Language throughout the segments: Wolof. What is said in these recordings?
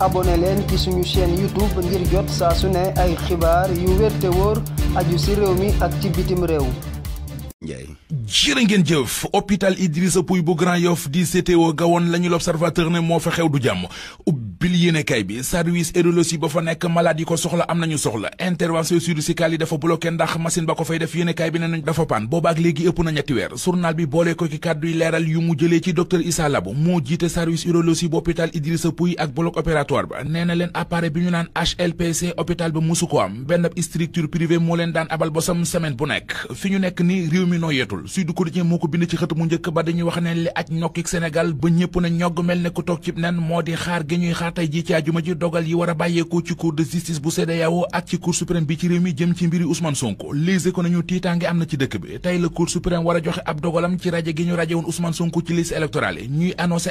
abonné leen ci suñu seen YouTube ngir jot saa su ne ay xibaar yu wér te wóor aju ci réew mi ak ci bitim réew. jërë ngeen jëf hôpital Idrissa Pouye bu Grand Yoff di CTO gawoon lañu l'observateur ne moo fa xew du jàmm. ubbil bi service ci kàdduy leeral yu mu jëlee ci docteur Issa Labo moo jiite service urologie bu hôpital Idrissa Pouye ak bloc opératoire ba nee leen appareil bi ñu naan HLPC hôpital ba musu ko am benn structure privée moo leen daan abal bosam semaine bu nekk fi ñu nekk ni réew mi noo yeetul Sud Quotidien moo ko bind ci xët mu njëkk ba dañuy wax ne li aj nokkik Sénégal ba ñëpp na ñogg mel ne toog ci nen moo di xaar gi ñuy xaar tey ji a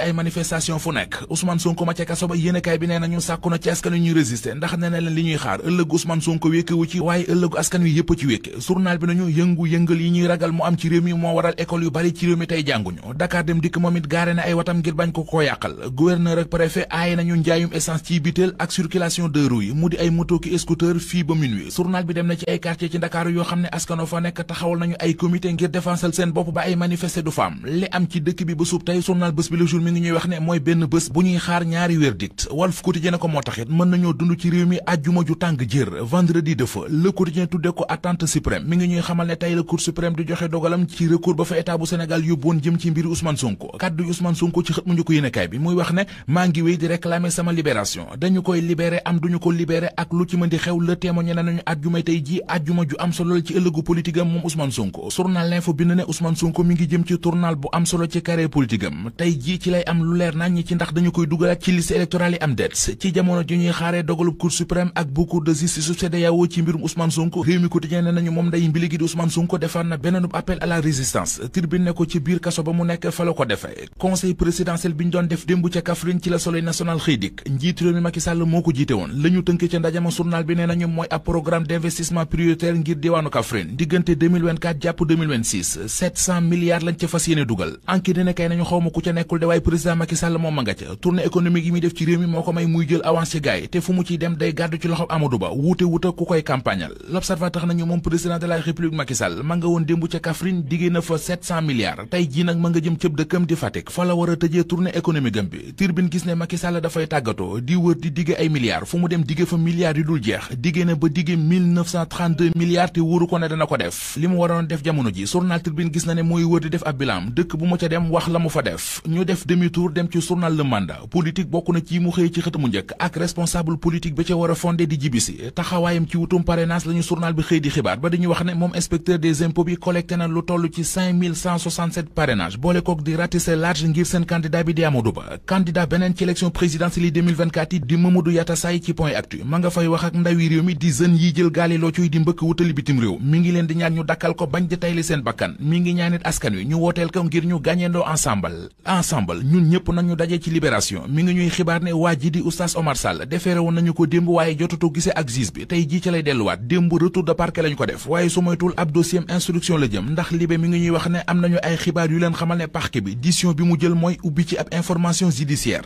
ay manifestation fu nekk Ousmane Sonko ma ca kaso ba yéenekaay bi nee nañu sàkku ci askan wi ñuy résister ndax nee leen li ñuy xaar ëllëgu Ousmane Sonko wékkewu ci waaye ëllëgu askan wi yëpp ci wékke journal bi nañu yëngu-yëngal yi ñuy ragal mu am ci réew mi moo waral école yu bari ci réew mi tey jànguñu Dakar dem dikk moom it gaare na ay watam ngir bañ ko yàqal gouverneur ak aaye nañu njaay njaayum essence ci biteel ak circulation de roues yi mu di ay moto ki fii ba minuit journal bi dem na ci ay quartier ci ndakaaru yoo xam ne askano fa nekk taxawal nañu ay comité ngir défensal seen bopp ba ay manifester du faam li am ci dëkk bi ba tey journal bés bi le jour mi ngi ñuy wax ne mooy benn bés bu ñuy xaar ñaari verdict Walf Quotidien ko moo taxit mën nañoo dund ci réew mi àjjuma ju tàng jër vendredi de feu le Quotidien tudde ko attente sama dañu koy libéré am duñu ko libéré ak lu ci mën di xew le témoigné nañu àjjuma tey ji àjjuma ju am solo ci ëllëgu politique am moom Ousmane Sonko journal l'info bind ne Ousmane Sonko mi ngi jëm ci tournal bu am solo ci carré politique tey jii ci lay am lu leer nañ ci ndax dañu koy dugalaat ci liste électorale yi am det ci jamono ji ñuy xaaree dogalub cour suprême ak bu cour de justice su CEDEAO ci mbirum Ousmane Sonko réew mi quotidien ne nañu moom publique njiit moo ko jiite woon la ñu ca ndajama journal bi nee nañu mooy ab programme d'investissement prioritaire ngir diwaanu Kaffrine diggante 2024 jàpp 2026 ca fas yéene dugal anki dina kay nañu xaw ku ca nekkul de waaye président Macky moom ma nga ca tournée économique yi muy def ci réew mi moo ko may muy jël avance ci te fu mu ciy dem day gàddu ci loxob Amadou Ba wuute wuta ku koy campagnal l'observateur nañu moom président tàggatoo di wër di digge ay milliards fu mu dem digge fa milliards yu dul jeex digge na ba digge 1932 te wóoru ko ne dana ko def li mu waroon def jamono ji journal Tribune gis na ne mooy wër di def ab bilan dëkk bu mu ca dem wax la mu fa def ñu def demi tour dem ci journal Le Mandat politique bokk na ci mu xëy ci xët mu njëkk ak responsable politique ba ca war a fondé di jibisi taxawaayam ci wutum parrainage la ñu bi xëy di xibaar ba dañuy wax ne février 2024 yi di Mamadou Yatassay ci point actu ma nga fay wax ak ndawi réew mi di jeunes yi jël gaali loo di mbëkk wutali bitim réew mi ngi leen di ñaan ñu dakkal ko bañ di tayli seen bakkan mi ngi ñaanit askan wi ñu wooteel ko ngir ñu gàññeendoo ensemble ensemble ñun ñëpp nañu daje ci libération mi ngi ñuy xibaar ne waa ji di oustaz Omar Sall defeere woon nañu ko démb waaye jotutu gise ak juge bi tey jii ci lay delluwaat démb retour de parquet lañu ko def waaye su moytul ab dossier instruction la jëm ndax libé mi ngi ñuy wax ne am nañu ay xibaar yu leen xamal ne parquet bi bi mu jël mooy ubbi ci ab information judiciaire